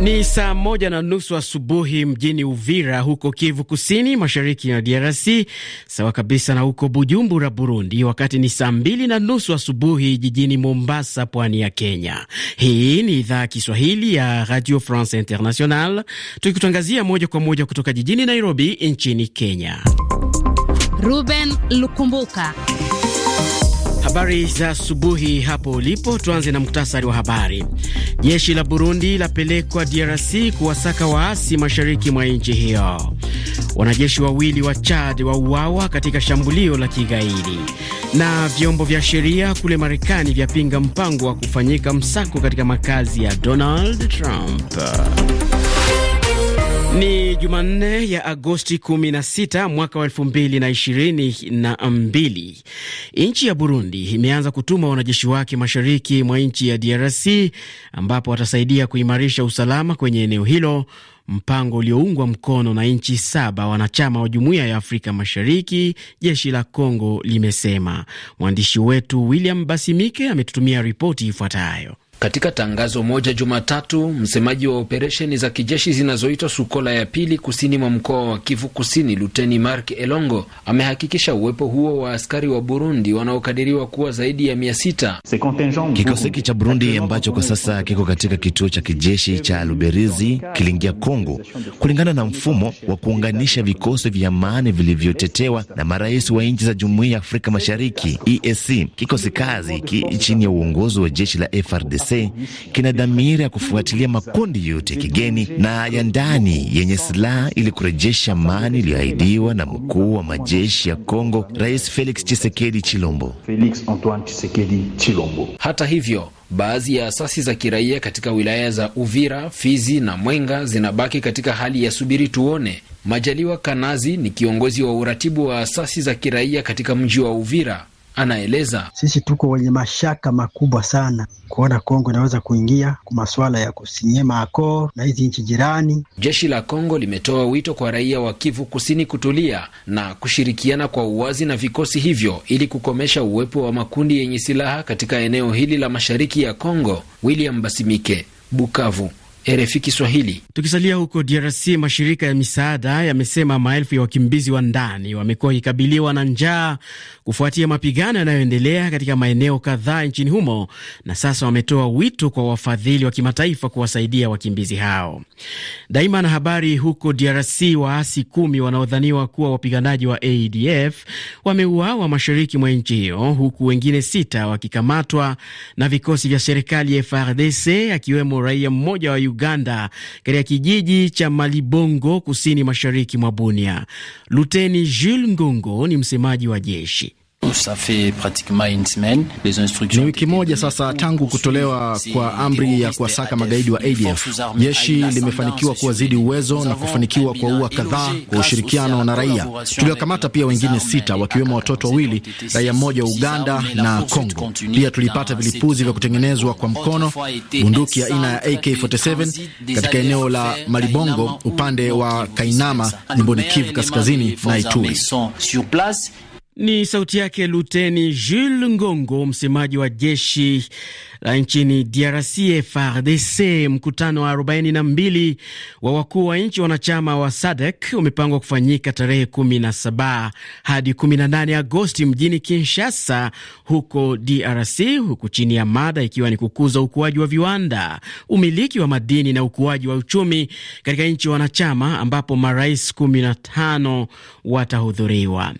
Ni saa moja na nusu asubuhi mjini Uvira huko Kivu Kusini, mashariki ya DRC, sawa kabisa na huko Bujumbura, Burundi, wakati ni saa mbili na nusu asubuhi jijini Mombasa, pwani ya Kenya. Hii ni idhaa Kiswahili ya Radio France International, tukikutangazia moja kwa moja kutoka jijini Nairobi nchini Kenya. Ruben Lukumbuka Habari za asubuhi hapo ulipo. Tuanze na muktasari wa habari. Jeshi la Burundi lapelekwa DRC kuwasaka waasi mashariki mwa nchi hiyo. Wanajeshi wawili wa Chad wauawa katika shambulio la kigaidi, na vyombo vya sheria kule Marekani vyapinga mpango wa kufanyika msako katika makazi ya Donald Trump. Ni Jumanne ya Agosti 16 mwaka wa 2022. Nchi ya Burundi imeanza kutuma wanajeshi wake mashariki mwa nchi ya DRC ambapo watasaidia kuimarisha usalama kwenye eneo hilo, mpango ulioungwa mkono na nchi saba wanachama wa Jumuiya ya Afrika Mashariki, jeshi la congo limesema. Mwandishi wetu William Basimike ametutumia ripoti ifuatayo. Katika tangazo moja Jumatatu, msemaji wa operesheni za kijeshi zinazoitwa Sukola ya pili kusini mwa mkoa wa Kivu Kusini, Luteni Mark Elongo amehakikisha uwepo huo wa askari wa Burundi wanaokadiriwa kuwa zaidi ya mia sita. Kikosi hiki cha Burundi ambacho kwa sasa kiko katika kituo cha kijeshi cha Luberizi kiliingia Kongo kulingana na mfumo wa kuunganisha vikosi vya amani vilivyotetewa na marais wa nchi za Jumuiya ya Afrika Mashariki EAC. Kikosi kazi hiki chini ya uongozi wa jeshi la FRDC EAC kina dhamira ya kufuatilia makundi yote ya kigeni na ya ndani yenye silaha ili kurejesha amani iliyoahidiwa na mkuu wa majeshi ya Kongo, Rais Felix Tshisekedi Chilombo. Felix Antoine Tshisekedi Chilombo. Hata hivyo baadhi ya asasi za kiraia katika wilaya za Uvira, Fizi na Mwenga zinabaki katika hali ya subiri tuone. Majaliwa Kanazi ni kiongozi wa uratibu wa asasi za kiraia katika mji wa Uvira anaeleza. Sisi tuko wenye mashaka makubwa sana kuona Kongo inaweza kuingia kwa masuala ya kusinyema akor na hizi nchi jirani. Jeshi la Kongo limetoa wito kwa raia wa Kivu Kusini kutulia na kushirikiana kwa uwazi na vikosi hivyo ili kukomesha uwepo wa makundi yenye silaha katika eneo hili la mashariki ya Kongo. William Basimike, Bukavu. RFI Kiswahili. Tukisalia huko DRC, mashirika ya misaada yamesema maelfu ya wakimbizi wa ndani wamekuwa wakikabiliwa na njaa kufuatia mapigano yanayoendelea katika maeneo kadhaa nchini humo, na sasa wametoa wito kwa wafadhili wa kimataifa kuwasaidia wakimbizi hao. Daima na habari huko DRC, waasi kumi wanaodhaniwa kuwa wapiganaji wa ADF wameuawa mashariki mwa nchi hiyo, huku wengine sita wakikamatwa na vikosi vya serikali FRDC, akiwemo raia mmoja wa Uganda, katika kijiji cha Malibongo, kusini mashariki mwa Bunia. Luteni Jules Ngongo ni msemaji wa jeshi. Ni wiki moja sasa tangu kutolewa kwa amri ya kuwasaka magaidi wa ADF. Jeshi limefanikiwa kuwazidi uwezo na kufanikiwa kuwaua kadhaa kwa ushirikiano na raia. Tuliwakamata pia wengine sita, wakiwemo watoto wawili, raia mmoja wa Uganda na Kongo. Pia tulipata vilipuzi vya kutengenezwa kwa mkono, bunduki ya aina ya AK47 katika eneo la Malibongo upande wa Kainama jimboni Kivu Kaskazini na Ituri. Ni sauti yake Luteni Jules Ngongo, msemaji wa jeshi la nchini DRC FRDC. Mkutano wa 42 wa wakuu wa nchi wanachama wa SADC umepangwa kufanyika tarehe 17 hadi 18 Agosti mjini Kinshasa huko DRC, huku chini ya mada ikiwa ni kukuza ukuaji wa viwanda, umiliki wa madini na ukuaji wa uchumi katika nchi wanachama, ambapo marais 15 watahudhuriwa.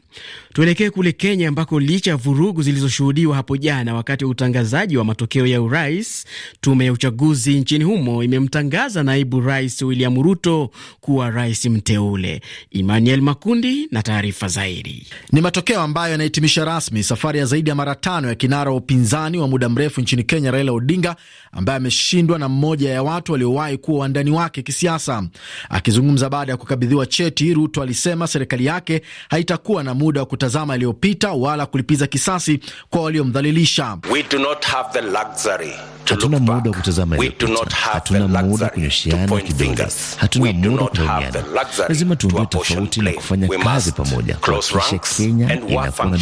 Tuelekee kule Kenya ambako licha ya vurugu zilizoshuhudiwa hapo jana wakati wa utangazaji wa matokeo ya urais, tume ya uchaguzi nchini humo imemtangaza naibu rais William Ruto kuwa rais mteule. Emmanuel Makundi na taarifa zaidi. Ni matokeo ambayo yanahitimisha rasmi safari ya zaidi ya mara tano ya kinara wa upinzani wa muda mrefu nchini Kenya, Raila Odinga, ambaye ameshindwa na mmoja ya watu waliowahi kuwa wandani wake kisiasa. Akizungumza baada ya kukabidhiwa cheti, Ruto alisema serikali yake haitakuwa na muda wa kutazama yaliyopita wala kulipiza kisasi kwa waliomdhalilisha. Hatuna muda wa kutazama yaliyopita, hatuna muda kunyoshiana kidogo, hatuna muda wa Lazima tuondoe tofauti na kufanya kazi pamoja kuhakikisha Kenya inakuwa na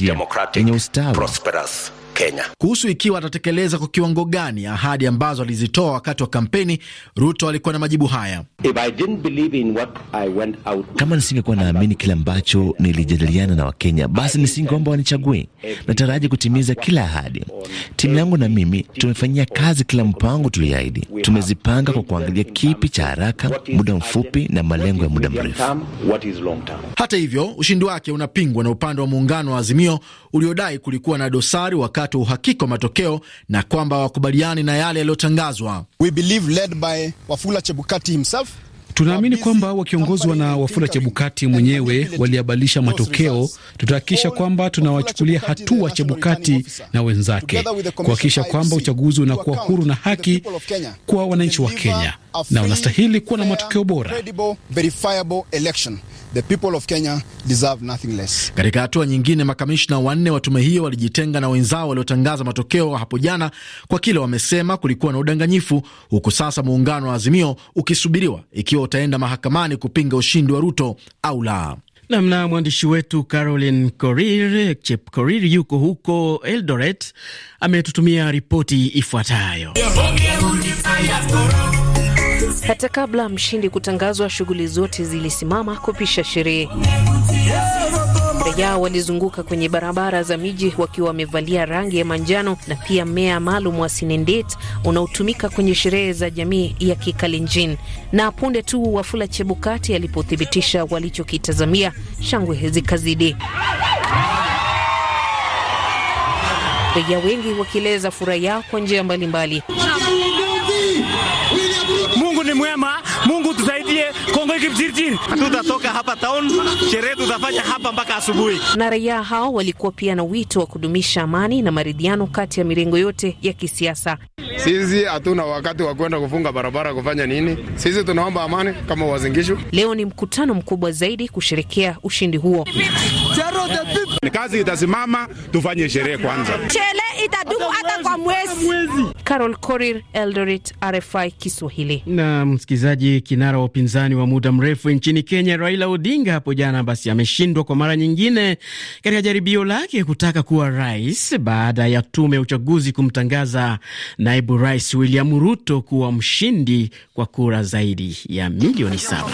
demokrasia yenye ustawi. Kenya. Kuhusu ikiwa atatekeleza kwa kiwango gani ahadi ambazo alizitoa wakati wa kampeni, Ruto alikuwa na majibu haya. Kama nisingekuwa naamini kile ambacho nilijadiliana na Wakenya, basi nisingeomba wanichague. Nataraji kutimiza kila ahadi. Timu yangu na mimi tumefanyia kazi kila mpango tuliahidi. Tumezipanga kwa kuangalia kipi cha haraka, muda mfupi na malengo ya muda mrefu. Hata hivyo, ushindi wake unapingwa na upande wa muungano wa Azimio uliodai kulikuwa na dosari wakati wa uhakika wa matokeo na kwamba hawakubaliani na yale yaliyotangazwa. We believe led by Wafula Chebukati himself Tunaamini kwamba wakiongozwa na Wafula Chebukati mwenyewe waliabalisha matokeo. Tutahakikisha kwamba tunawachukulia hatua Chebukati na wenzake kuhakikisha kwamba uchaguzi unakuwa huru na haki kwa wananchi wa Kenya na unastahili kuwa na matokeo bora. Katika hatua nyingine, makamishna wanne wa tume hiyo walijitenga na wenzao waliotangaza matokeo hapo jana kwa kile wamesema kulikuwa na udanganyifu, huku sasa muungano wa Azimio ukisubiriwa ikiwa utaenda mahakamani kupinga ushindi wa Ruto au la. Namna mwandishi wetu Caroline Korir Chep Korir yuko huko Eldoret, ametutumia ripoti ifuatayo. Hata kabla mshindi kutangazwa, shughuli zote zilisimama kupisha sherehe. Raia walizunguka kwenye barabara za miji wakiwa wamevalia rangi ya manjano na pia mmea maalum wa sinendet unaotumika kwenye sherehe za jamii ya Kikalenjin. Na punde tu Wafula Chebukati alipothibitisha walichokitazamia, shangwe zikazidi. Raia wengi wakieleza furaha yao kwa njia mbalimbali mwema, Mungu tusaidie Kongo ikibtirtiri. Tutatoka hapa town, sherehe tutafanya hapa mpaka asubuhi. Na raia hao walikuwa pia na wito wa kudumisha amani na maridhiano kati ya mirengo yote ya kisiasa. Sisi hatuna wakati wa kwenda kufunga barabara kufanya nini, sisi tunaomba amani kama Wazingishu. Leo ni mkutano mkubwa zaidi kusherekea ushindi huo kazi itasimama, tufanye sherehe kwanza. Chele itadumu hata kwa mwezi. Carol Korir, Eldoret, RFI Kiswahili. Na msikilizaji, kinara wa upinzani wa muda mrefu nchini Kenya Raila Odinga hapo jana basi ameshindwa kwa mara nyingine katika jaribio lake kutaka kuwa rais baada ya tume ya uchaguzi kumtangaza naibu rais William Ruto kuwa mshindi kwa kura zaidi ya milioni saba.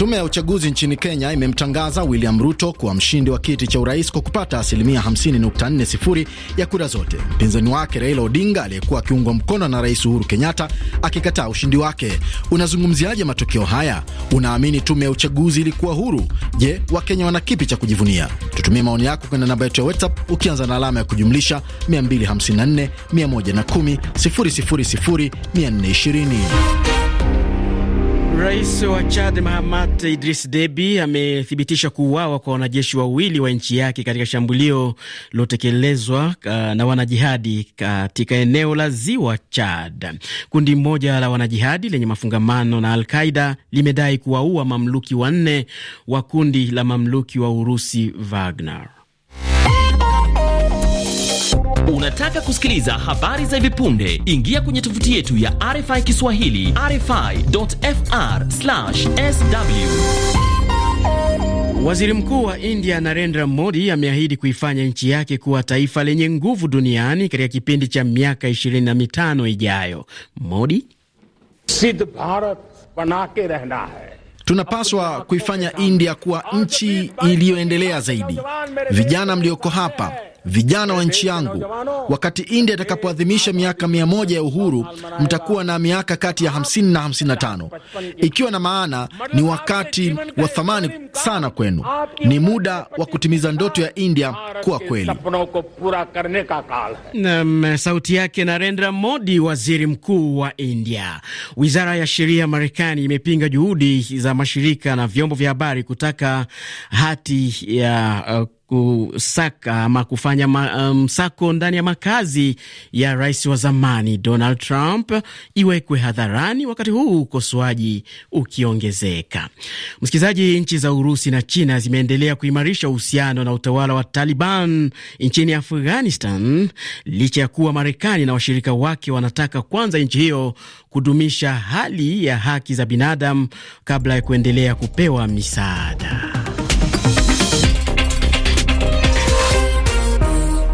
Tume ya uchaguzi nchini Kenya imemtangaza William Ruto kuwa mshindi wa kiti cha urais kwa kupata asilimia 50.40 ya kura zote, mpinzani wake Raila Odinga aliyekuwa akiungwa mkono na Rais Uhuru Kenyatta akikataa ushindi wake. Unazungumziaje matokeo haya? Unaamini tume ya uchaguzi ilikuwa huru? Je, Wakenya wana kipi cha kujivunia? Tutumie maoni yako kwenye namba yetu ya WhatsApp ukianza na alama ya kujumlisha 254 110 000 420. Rais wa Chad Mahamat Idris Deby amethibitisha kuuawa kwa wanajeshi wawili wa nchi yake katika shambulio lilotekelezwa uh, na wanajihadi katika eneo la ziwa Chad. Kundi moja la wanajihadi lenye mafungamano na Al-Qaida limedai kuwaua mamluki wanne wa kundi la mamluki wa Urusi Wagner. Unataka kusikiliza habari za hivi punde? Ingia kwenye tovuti yetu ya RFI Kiswahili, rfi.fr/sw. Waziri Mkuu wa India Narendra Modi ameahidi kuifanya nchi yake kuwa taifa lenye nguvu duniani katika kipindi cha miaka 25 ijayo. Modi: Siddh Bharat banake rehna hai Tunapaswa kuifanya India kuwa nchi iliyoendelea zaidi. Vijana mlioko hapa vijana wa nchi yangu, wakati India itakapoadhimisha miaka mia moja ya uhuru, mtakuwa na miaka kati ya 50 na 55, ikiwa na maana ni wakati wa thamani sana kwenu. Ni muda wa kutimiza ndoto ya India kuwa kweli. Nam sauti yake Narendra Modi, waziri mkuu wa India. Wizara ya sheria ya Marekani imepinga juhudi za mashirika na vyombo vya habari kutaka hati ya uh, kusaka ama kufanya msako um, ndani ya makazi ya rais wa zamani Donald Trump iwekwe hadharani, wakati huu ukosoaji ukiongezeka. Msikilizaji, nchi za Urusi na China zimeendelea kuimarisha uhusiano na utawala wa Taliban nchini Afghanistan licha ya kuwa Marekani na washirika wake wanataka kwanza nchi hiyo kudumisha hali ya haki za binadamu kabla ya kuendelea kupewa misaada.